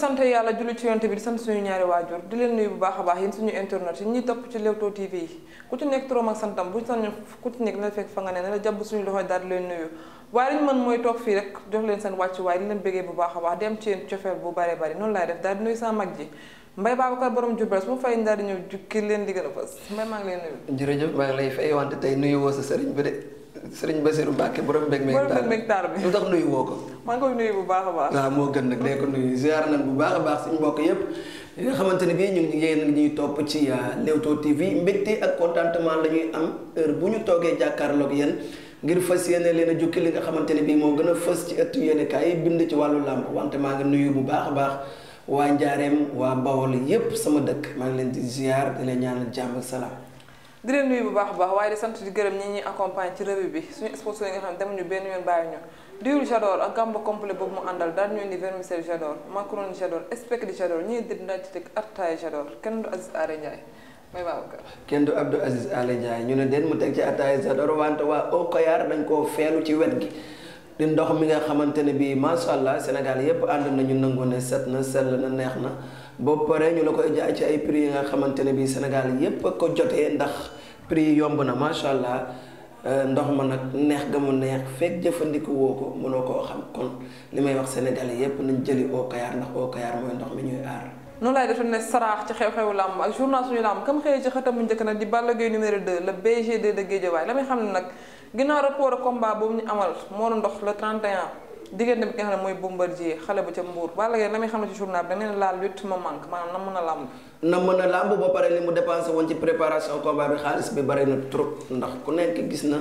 sant yàlla julli ci yonte bi di sant suñu ñaari waajur di leen nuyu bu baax a baax yéen suñu internet yi ñuy topp ci Leewtoo TV yi ku ci nekk turam ak santam bu ñu sañoon ku ci nekk na fekk fa nga ne ne jàpp suñu loxo daal di leen nuyu waaye lañ mën mooy toog fii rek jox leen seen wàccuwaay di leen bëggee bu baax a baax dem ci yéen cofeel bu bare bari noonu laay def daal di nuyu sama mag ji Mbaye Babacar borom Diourbel su ma fay daal ñëw jukki leen di gën a fës Mbaye maa ngi lay nuyu. jërëjëf maa ngi lay fay wante tey nuyu woo sa sëriñ bi de sëriñ Basirou Mbacke borom mbég meeg taar bi borom lu tax nuyu woo ko. maa ngi baax a baax. waaw moo gën nag dee ko bu baax a baax suñu mbokk yépp li nga xamante ne bii ñu ngi yéen ñuy topp ci ah, Leewtoo TV mbégte ak contentement la ñuy am heure bu ñu toogee jàkkaarloog yéen ngir fës yéene leen a jukki li nga xamante ne bii moo gën a fës ci ëttu yéenekaay yi bind ci wàllu làmb wante maa ngi nuyu bu baax baax waa Njaareem waa Bawol yépp sama dëkk maa ngi leen di ziar di leen ñaanal jàmm ak salaam. di leen nuyu bu baax baax waaye di sant di gërëm ñi ñuy accompagne ci revue bi suñu sponsor yi nga xam ne ñu benn yoon bàyyi ñu diwlu Jador ak gamba complet boobu mu àndal daal ñu indi vermicelle Jador macaroni Jador spec di Jador ñi di teg artaay Jador kenn du Aziz Are mooy kenn du Abdou Aziz Aly Ndiaye ñu ne den mu teg ci ataay Zador wante waa Okoyaar dañ koo feelu ci wet gi. di ndox mi nga xamante ne bii macha allah Sénégal yépp ànd nañu nangu ne set na sell na neex na ba pare ñu la koy jaay ci ay prix yi nga xamante ne bii Sénégal yépp a ko jotee ndax prix yomb na macha allah. Euh, ndox ma nag neex ga mu neex fekk jëfandiku woo ko mënoo koo xam kon li may wax Sénégalais yépp nañ jëli Okayaar ndax Okayaar mooy ndox mi ñuy aar noonu laay defe ne saraax ci xew-xewu làmb ak journal suñu làmb kam xëyee ci xëtam mu njëkk nag di Balla Gaye numéro 2 le BG2 de Guédiawaye la muy xam ne nag ginnaaw rapport de combat boobu ñu amal moo ndox le 31 diggante bi nga xam ne mooy bombardier xale bu ca mbuur Balla Gaye la muy xam ne ci journal bi da neen laal lutte ma manque maanaam na mën a làmb na mën a làmb ba pare li mu dépensé woon ci préparation combat bi xaalis bi bari na trop ndax ku nekk gis na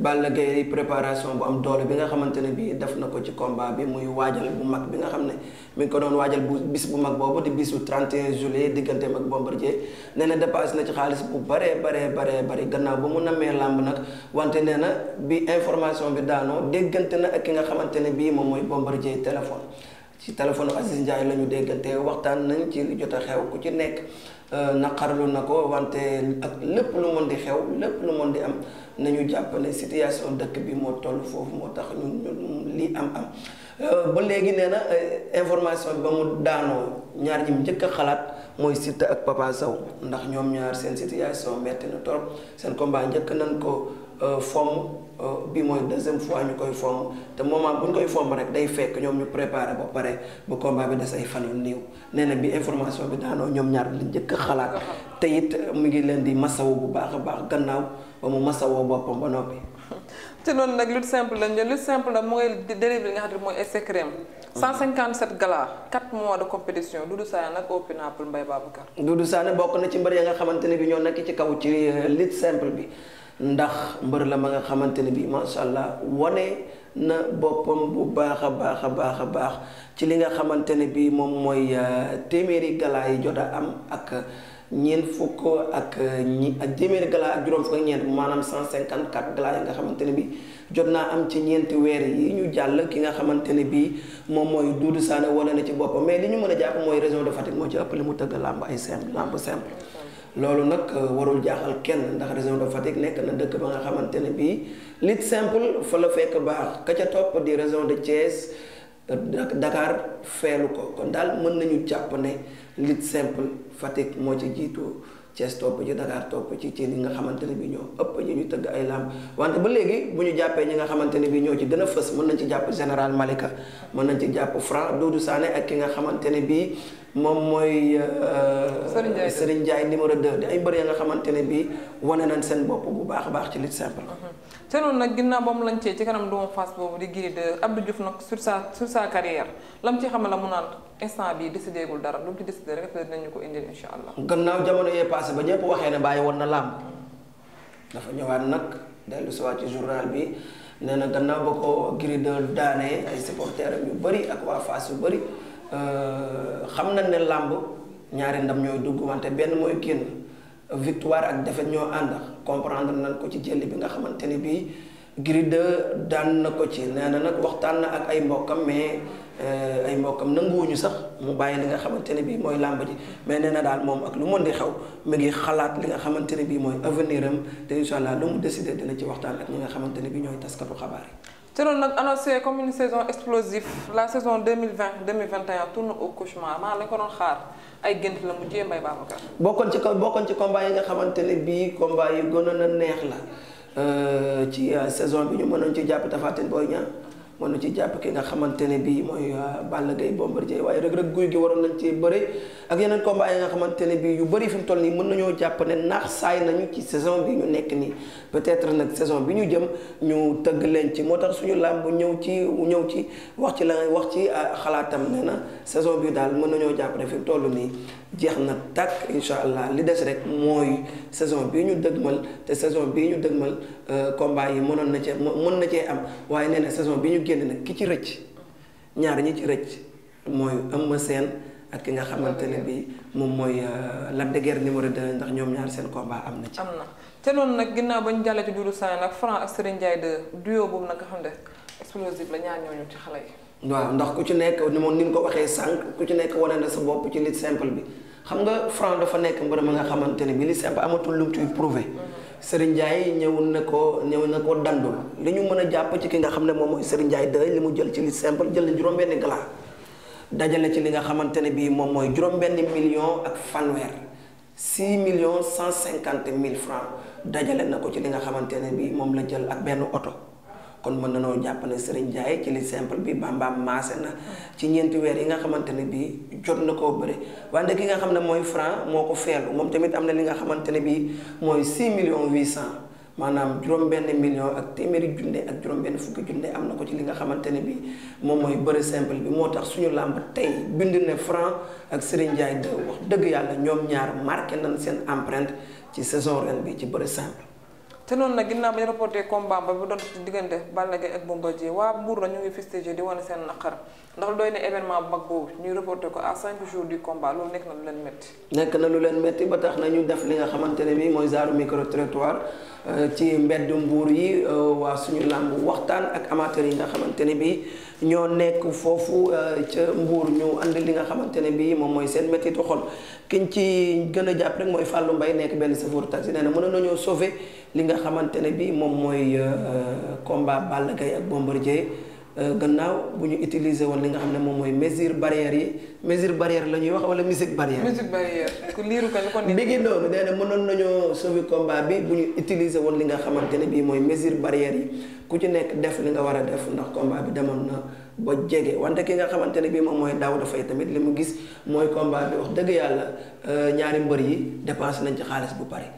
Balla Gaye préparation bu am doole bi nga xamante ne bii def na ko ci combat bi muy waajal bu mag bi nga xam ne mi ngi ko doon waajal bu bis bu mag boobu di bisu 31 juillet digganteem ak Bombardier nee na dépassé na ci xaalis bu baree baree baree bari gannaaw ba mu namee làmb nag wante nee na bi information bi daanoo déggante na ak ki nga xamante ne bii moom mooy Bombardier téléphone. ci téléphone Aziz Ndiaye lañu ñu déggante waxtaan nañ ci li jot a xew ku ci nekk euh, naqarlu na ko wante ak lépp lu mën di xew lépp lu mën di am nañu jàpp ne situation dëkk bi moo toll foofu moo tax ñun lii am am euh, ba léegi nee na euh, information ba mu daanoo ñaar ñi njëkk a xalaat mooy Siteu ak Papa ndax ñoom ñaar seen situation metti na torop seen combat njëkk nañ ko Euh, fomm euh, bi mooy deuxième fois ñu koy fomm te moment bu ñu koy fomm rek day fekk ñoom ñu préparé ba pare ba combat bi des ay fan yu néew nee na bi information bi daanoo ñoom ñaar njëkk xalaat te it mu ngi leen di masawu bu baax a baax gannaaw ba mu masawoo boppam ba noppi. te loolu nag lutte simple lañ jël lutte simple nag mooy dérivé li xam ne mooy SCRM. 157 galas 4 mois de compétition Doudou Sané nag au pinacle Mbaye Babacar. Doudou Sané bokk na ci mbër ya nga xamante ne bi ñoo nekk ci kaw ci euh, lutte simple bi. ndax mbër la ma nga xamante ne bi macha allah wane na boppam bu baax a baax a baax a baax ci li nga xamante ne bi moom mooy euh, téeméeri galaa yi jot a am ak ñeent fukk ak ñi ak téeméeri galaa ak juróom fukk ak ñeent maanaam 154 galaa nga xamante ne bi jot naa am ci ñeenti weer yi ñu jàll ki nga xamante ne bi moom mooy Doudou Sané wane na ci boppam mais li ñu mën a jàpp mooy région de Fatick moo ci ëpp li mu tëgg làmb ay simple làmb simple loolu nag euh, warul jaaxal kenn ndax région de Fatick nekk na dëkk ba nga xamante ne bii lit simple fa la fekk baax ka ca topp di région de Thiès euh, Dakar feelu ko kon daal mën nañu jàpp ne lit simple Fatick moo ci jiitu Thiès topp ci Dakar topp ci ci li nga xamante ne bi ñoo ëpp ñi ñu tëgg ay làmb wante ba léegi bu ñu jàppee ñi nga xamante ne bi ñoo ci gën a fës mën nañ ci jàpp général Malika mën nañ ci jàpp Franc Doudou Sané ak ki nga xamante ne bii moom mooy euh, Serigne Ndiaye numéro 2 di ay mbër ya nga xamante ne bii wane nañ seen bopp bu baax a baax ci lutte simple mhm. te noonu nag ginnaaw ba mu lancee ci kanam doomu Fass boobu di Gris 2 Abdou Diouf nag sur sa sur sa carrière lam ci xamal la mu naan instant bi décidé gul dara lu mu ko indil incha allah. gannaaw jamono yee passé ba ñëpp ne bàyyi woon na làmb dafa ñëwaat nag dellu si waat ci bi nee na gannaaw ba ko Gris 2 daanee ay supporters yu bëri ak waa yu bëri euh, xam nañ ne làmb ñaari ndam ñooy dugg wante benn mooy génn. victoire ak défaite ñoo ànd comprendre nañ ko ci jël bi nga xamante ni bii Gris 2 daan na ko ci nee na nag waxtaan na ak ay mbokkam mais euh, ay mbokkam nanguwuñu sax mu bàyyi li nga xamante ne bii mooy làmb mais nee na daal moom ak lu mën di xew mu ngi xalaat li nga xamante ne bii mooy avenir am te incha lu mu décidé dina ci waxtaan ak ñi nga xamante ne bii ñooy taskatu xabaar yi. te loolu nag annoncé comme une saison explosive la saison 2020 2021 tourne au cauchemar maa lañ ko ay gént la mu jéem bay Babacar. bokkoon ci bokkoon ci combat yi nga xamante ne bii combat yi gënoon a neex la euh, ci euh, saison bi ñu mënoon ci jàpp Tapha Tine booy Niang mën na ci jàpp ki nga xamante ne bii mooy euh, Balla Gaye Bombardier waaye Reug Reug Gouye Gui waroon nañ cee bëre ak yeneen combat nga xamante ne bii yu bëri fi mu toll nii mën nañoo jàpp ne naax saay nañu ci saison bi ñu nekk nii peut-être nag saison bi ñu jëm ñu tëgg leen ci moo tax suñu làmb ñëw ci ñëw ci wax ci la wax ci euh, xalaatam nee na saison bi daal mën nañoo jàpp ne fi mu nii jeex na tàkk incha allah li des rek mooy saison bii ñu dëgmal te saison bii ñu dëgmal euh, combat yi mënoon na cee mën na cee am waaye nee na saison bi ñu génn nag ki ci rëcc ñaar ñi ci rëcc mooy Eumeu seen ak ki nga xamante ne bi moom mooy euh, Lac de Guiers numéro 2 ndax ñoom ñaar seen combat am na ci. am na te noonu nag ginnaaw ba ñu jàllee ci Doudou Sané nag Franc ak Serigne Ndiaye 2 duo boobu nag nga xam ne explosif la ñaar ñooñu ci xale yi. waaw ndax ku ci nekk ni moom ni mu ko waxee sànq ku ci nekk wane na sa bopp ci lit simple bi xam nga Franc dafa nekk mbër ma nga xamante ne bi lit simple amatul lu mu ciy prouvé na ko ñëw na ko dandul li mën a jàpp ci ki nga xam ne moom mooy Serigne Ndiaye dëgg mu jël ci lit simple jël na juróom-benn gala dajale ci li nga xamante ne bii moom mooy juróom-benn million ak fanweer million cent cinquante mille francs dajale na ko ci li nga xamante ne bii moom la jël ak benn oto. kon mën nañoo jàpp ne Serigne jaay ci li simple bi Bamba maase na ci ñeenti weer yi nga xamante ne bii jot na koo bëre wante ki nga xam ne mooy franc moo ko feelu moom tamit am na li nga xamante ne bii mooy 6 millions 800. maanaam juróom-benn million ak téeméeri junne ak juróom-benn fukki am na ko ci li nga xamante ne bii moom mooy bëri simple bi moo tax suñu làmb tey bind ne Franc ak Serigne Ndiaye de wax dëgg yàlla ñoom ñaar marqué nañ seen empreinte ci saison ren bi ci bëri simple. te noonu nag ginnaaw ba ñu reporté combat ba bu doon diggante Balla Gaye ak Bombardier waa Mbour la ñu ngi fustigé di wane seen naqar ndax doy na événement bu mag boobu ñuy reporté ko à cinq jours du combat loolu nekk na lu leen métti. nekk na lu leen métti ba tax na ñu def li nga xamante ne bii mooy genre micro trottoir euh, ci mbedd Mbour yi euh, waa suñu làmb waxtaan ak amateur yi nga xamante ne bii. ñoo nekk foofu euh, ca Mbour ñu andi li nga xamante ne bii moom mooy seen méttiitu xol kiñ ci gën a jàpp rek mooy Fallou Mbaye nekk benn chauffeur taxi nee na mënoon nañoo sauver li nga xamante ne bii moom mooy euh, combat Balla Gaye ak Bombardier Euh, gannaaw bu ñu utiliser woon li nga xam ne moom mooy mesure barrière yi mesure barrière la ñuy wax wala musique barrière. musique barrière ku liiru ko kon. bi ngi noonu nee na mënoon nañoo sauver bi bu ñu utiliser woon li nga xamante ne bii mooy mesure barrière yi ku ci nekk def li nga war a def ndax combat bi demoon na ba jege wante ki nga xamante ne bii moom mooy daaw dafay tamit li mu gis mooy combat bi wax dëgg yàlla euh, ñaari mbër yi dépensé nañ ci xaalis bu pare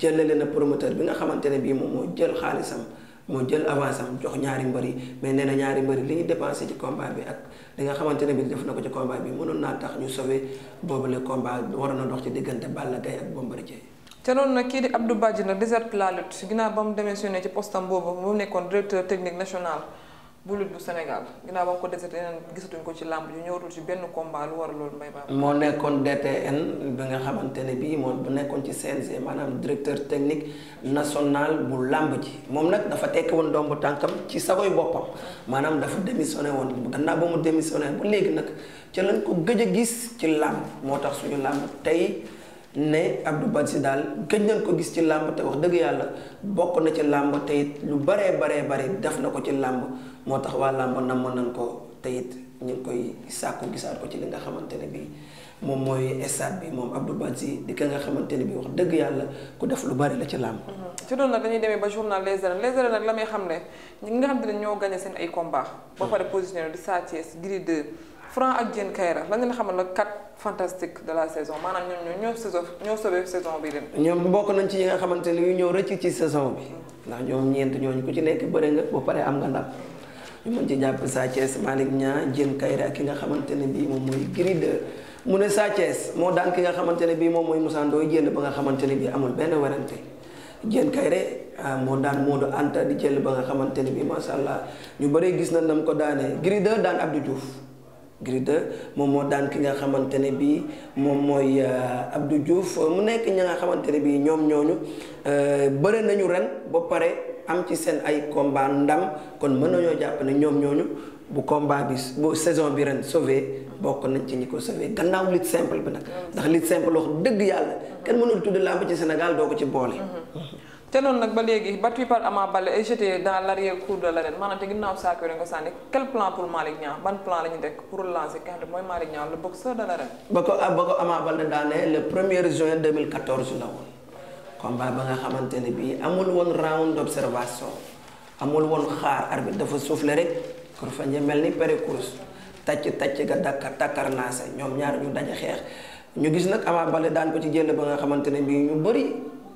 jëlale na promoteur bi nga xamante ne bii moom moo jël xaalisam. moo jël avance am jox ñaari mbëri mais nee na ñaari mbëri li ñu dépensé ci combat bi ak li nga xamante ne def na ko ci combat bi mënoon naa tax ñu sauvé boobule combat waroon na dox ci diggante Balla Gaye ak Bombardier te noonu nag kii di Abdou Badji nag déserte la lutte ginnaaw ba mu démissionné ci postam boobu ba mu nekkoon directeur technique national bu bu Sénégal ginnaaw ba ko deserté yeneen gisatuñ ko ci làmb yu ñëwatul ci benn combat lu war a loolu mbay baax moo nekkoon DTN bi nga xamante ne bii moom bu nekkoon ci CNG maanaam directeur technique national bu làmb ji moom nag dafa tekki woon bu tànkam ci sagoy boppam maanaam dafa démissionné woon gannaaw ba mu démissionné ba léegi nag ca lañ ko gëj a gis ci làmb moo tax suñu làmb tey ne Abdou Badji daal gëj nañ ko gis ci làmb te wax dëgg yàlla bokk na ci làmb te it lu baree baree bare def na ko ci làmb moo tax waa làmb namoon nañ ko te it ñu ngi koy sàkku gisaat ko ci li nga xamante ne bii moom mooy stade bi moom Abdou Badji di ka nga xamante ne bii wax dëgg yàlla ku def lu bari la ci làmb. Mhm. ci doon nag dañuy demee ba journal Les Arènes Les Arènes nag la may xam ne ñi nga xam ne ñoo gagné seen ay ba pare positionné di Sa Thiès Gris Franc ak Diène Kaïré lan ngeen xamal la quatre fantastiques de la saison maanaam ñoom ñoo saison ñoo sauvé saison bi ren. ñoom bokk nañ ci ñi nga xamante ne bii ñoo rëcc ci saison bi. Mm. ndax ñoom ñeent ñooñu ci nekk bëre nga ba pare am nga ndam. jàpp Sa Thiès Malick Niang Diène ki nga xamante ne bii moom mooy Gris mu ne Sa moo daan ki nga xamante ne bii moom mooy Moussa Ndoye jël ba nga xamante ne bii amul benn werante Diène Kaïré ah, moo daan moo Modou Anta di jël ba nga xamante ne bii macha allah ñu bëree gis na nam ko daanee Gris 2 daan Abdou Diouf Gris 2 moom moo daan ki nga xamante ne bii moom mooy euh, Abdou Diouf mu nekk ña nga xamante ne bii ñoom ñooñu euh, bëri nañu ren ba pare am ci seen ay combat ndam kon mën nañoo jàpp ne ñoom ñooñu bu combat bi bu saison bi ren sauvé bokk nañ ci ñi ko sauvé gannaaw lutte simple bi nag ndax lutte simple wax dëgg yàlla kenn mënul tudd làmb ci Sénégal doo ko ci boole. Mm-hmm. te noonu nag ba léegi battu par Ama Baldé est jeté dans l'arrière-cour de l'arène maanaam te ginnaaw saako yi nga sànni quel plan pour Malick Niang ban plan la ñu pour relancer kii nga mooy Malick Niang le boxeur de l'arène. ba ko ba ko daanee le 1 juin la woon combat ba nga xamante ne bii amul woon round d'observation amul woon xaar arbitre dafa suuf soufflé rek kur fa ñu mel ni pré-course tàcc tàcc ga dakka takkar naa se ñoom ñaar ñu daje xeex ñu gis nag Ama Baldé daan ko ci jël ba nga xamante ne bii ñu bëri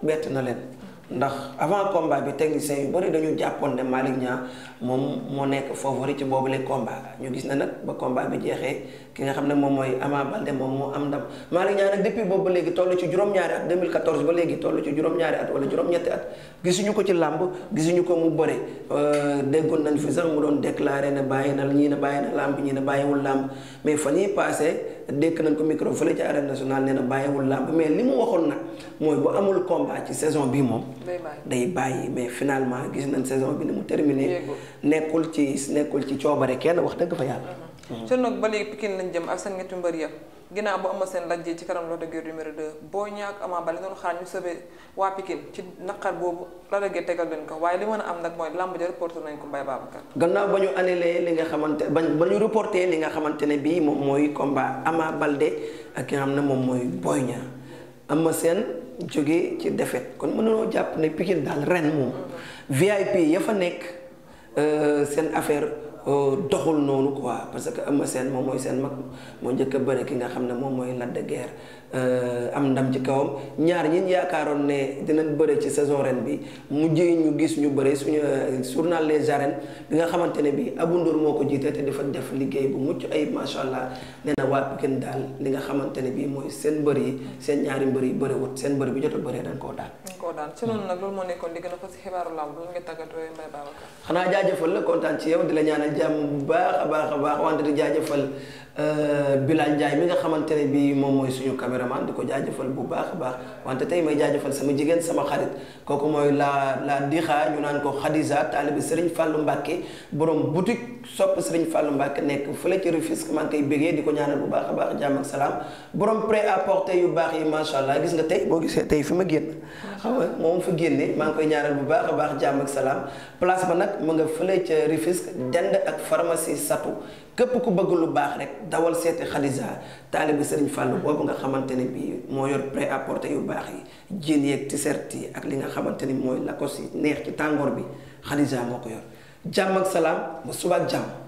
bett na leen. ndax avant combat bi technicien yu bëri dañu jàppoon ne Malick Niang moom moo nekk favori ci boobule combat ñu gis na nag ba combat bi jeexee ki nga xam ne moom mooy Ama Baldé moom moo am ndam Malick Niang nag depuis boobu ba léegi toll ci juróom-ñaari at 2014 ba léegi toll ci juróom-ñaari at wala juróom-ñetti at gisuñu ko ci làmb gisuñu ko mu bëre euh, déggoon nañ fi sax mu doon déclaré ne bàyyi na ñii ne bàyyi na làmb ñii ne bàyyiwul làmb mais fan yii passé dékk nañ ko micro fële ci arène nationale nee na bàyyiwul làmb mais li mu waxoon nag mooy bu amul combat ci saison bi moom. day bàyyi mais finalement gis nañ saison bi ni mu terminé. nekkul ci nekkul ci coobare kenn wax dëgg fa yàlla. sëñ nag ba léegi Pikine lañ jëm ak seen ñetti ginnaaw bu Eumeu Sène lajjee ci kanam Lac de Guiers numéro 2 Boy Niang ak Ama Baldé noonu xaar ñu sauvé waa Pikine ci naqar boobu Lac de tegal leen ko waaye li mën a am nag mooy lamb ja reporté nañ ko Mbaye Babacar gannaaw ba ñu annulé li nga xamante ba ñu reporté li nga xamante ne bii moom mooy combat Ama Baldé ak ki xam ne moom mooy Boy Niang Eumeu seen jógee ci défaite kon mënuloo jàpp ne Pikine daal ren moom mm-hmm. VIP ya fa nekk euh, seen affaire Euh, doxul noonu quoi parce que Eumeu seen moom mooy seen mag moo njëkk a bëre ki nga xam ne moom mooy Lac de Guiers euh, am ndam ci kawam ñaar ñi yaakaaroon ne dinañ bëre ci saison ren bi mujjee ñu gis ñu bëre suñu euh, journal Les Arènes bi nga xamante ne bi Abou Ndour moo ko jiite te dafa def liggéey bu mucc ay macha allah nee na waa Pikine daal li nga xamante ne bi mooy seen mbër yi seen ñaari mbër yi bëre wut seen mbër bi jot a bëree dañ koo daal koo daan ci noonu nag loolu moo nekkoon di gën a fas xibaaru làmb loolu nga tàggatoo Mbaye Babacar la kontaan ci yow di la bu baax a baax a baax wante di jaajëfal euh, Bilal Ndiaye mi nga xamante ne bii moom mooy suñu caméraman di ko jaajëfal bu baax baax wante tey may jaajafal sama jigéen sama xarit kooku mooy laa la dixa ñu naan ko Khadija taalibi Serigne fàllu Mbacke borom boutique sopp Serigne Fallou Mbacke nekk fële ci Rufisque maa ngi koy bégee di ko ñaanal bu baax a baax jàmm ak salaam borom prêt à porter yu baax yi macha allah gis nga tey boo gisee tey fi ma génn. ba moom fa génne maa ngi koy ñaanal bu baax a baax jàmm ak salaam place ba nag mu nga fële ca Rufisque dend ak pharmacie Satu képp ku bëgg lu baax rek dawal seeti Khadija taalibe Serigne Fallou boobu nga xamante ne bii moo yor prêt apporte yu baax yi jën yeeg t-shirt yi ak li nga xamante ni mooy lacoste yi neex ci tàngoor bi Khadija moo ko yor jàmm ak salaam ba suba jàmm.